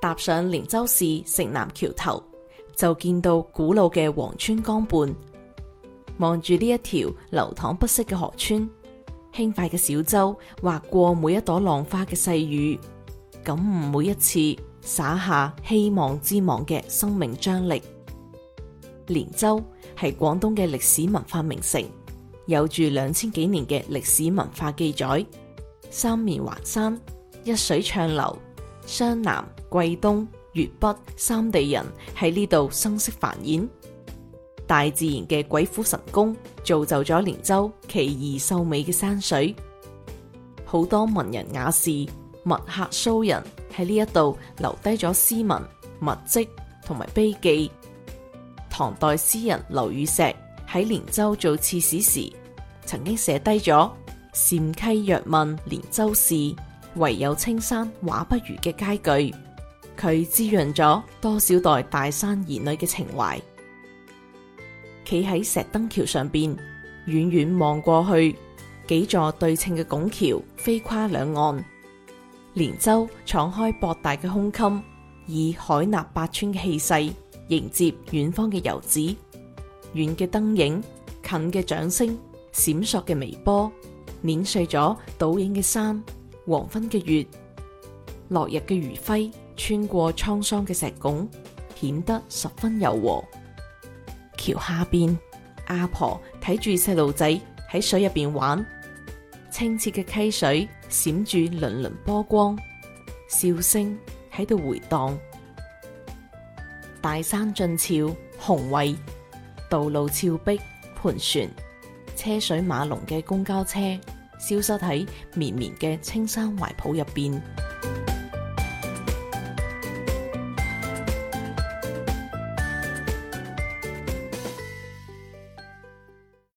踏上連州市城南橋頭，就見到古老嘅湟川江畔，望住呢一條流淌不息嘅河川，輕快嘅小舟划過每一朵浪花嘅細雨，感悟每一次撒下希望之網嘅生命張力。連州係廣東嘅歷史文化名城，有住兩千幾年嘅歷史文化記載，三面環山，一水暢流。湘南、桂東、粵北三地人喺呢度生息繁衍，大自然嘅鬼斧神工造就咗連州奇異秀美嘅山水。好多文人雅士、墨客騷人喺呢一度留低咗詩文、墨迹同埋碑記。唐代詩人劉禹錫喺連州做刺史時，曾經寫低咗《剡溪若問連州事》。唯有青山畫不如嘅佳句，佢滋潤咗多少代大山兒女嘅情懷。企喺石蹬橋上邊，遠遠望過去，幾座對稱嘅拱橋飛跨兩岸，連州敞開博大嘅胸襟，以海納百川嘅氣勢迎接遠方嘅遊子。遠嘅燈影，近嘅槳聲，閃爍嘅微波，碾碎咗倒影嘅山。黃昏嘅月，落日嘅餘暉穿過滄桑嘅石拱，顯得十分柔和。橋下邊，阿婆睇住細路仔喺水入邊玩，清澈嘅溪水閃住粼粼波光，笑聲喺度回蕩。大山峻峭雄偉，道路峭壁盤旋，車水馬龍嘅公交車。消失喺綿綿嘅青山懷抱入邊。